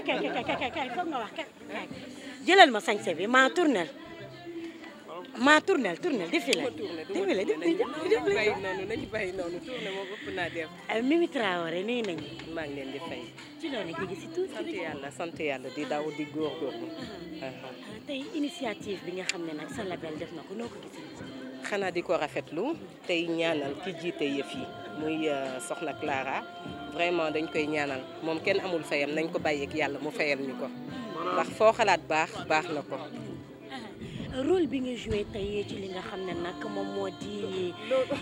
ah kay kay kay kay foog nga wax kay jëlal ma sañse bi maa tournel maa tournel tournel défilé défilé défilé défilé Mimi Traoré nuyu nañu maa ngi leen di fay ci loolu jigi si tuuti sant yàlla sant yàlla di daw di góorgóorlu ah, ah. Uh-huh. Ah, tey initiative bi nga xam ne nag sa label def na ko noo ko gisee xanaa di ko rafetlu tey ñaanal ki jiite yëf yi muy euh, soxna Clara vraiment dañ koy ñaanal moom kenn amul fayam nañ ko bàyyeek yàlla mu fayal ñu ko ndax foo xalaat baax baax na ko rôle bi nga joué tey ci li nga xam ne nag moom moo di.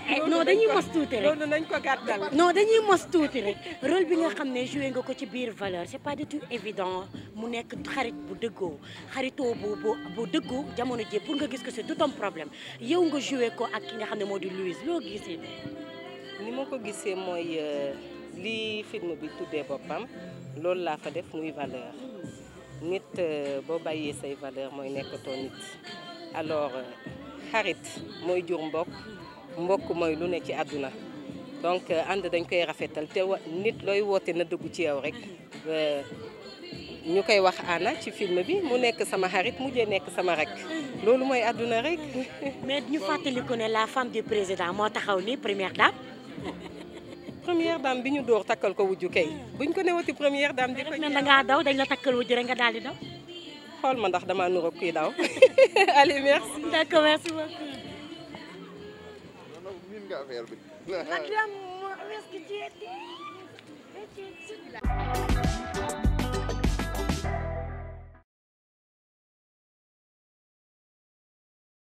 Eh, non dañuy mos tuuti rek loolu nañ ko gàttal. non dañuy mos tuuti rek rôle bi nga xam ne joué nga ko ci biir valeur c'est pas du tout évident mu nekk xarit bu dëggoo xaritoo bu bu bu dëggoo jamono ji pour nga gis ko c'est tout un problème yow nga joué ko ak ki nga xam ne moo di Louise loo gisee. ni ma ko gisee mooy euh, li film bi tuddee boppam loolu laa fa def muy valeur. nit euh, boo bàyyee say valeur mooy nekkatoo nit alors euh, xarit mooy jur mbokk mbokk mooy lu ne ci àdduna donc euh, ànd dañ koy rafetal te nit looy woote na dëggu ci yow rek ñu koy wax ana ci film bi mu nekk sama xarit mujjee nekk sama rek loolu mooy àdduna rek mais ñu fàttaliku ne la femme du président moo taxaw ni première dame première dame bi ñu dóor takkal ko wujju kay buñ ko newati première dame di ko da daw dañ la takkal wujju rek nga daal di daw xool ma ndax damaa nuroog kuy daw allez merci d'accord merci beaucoup miin nga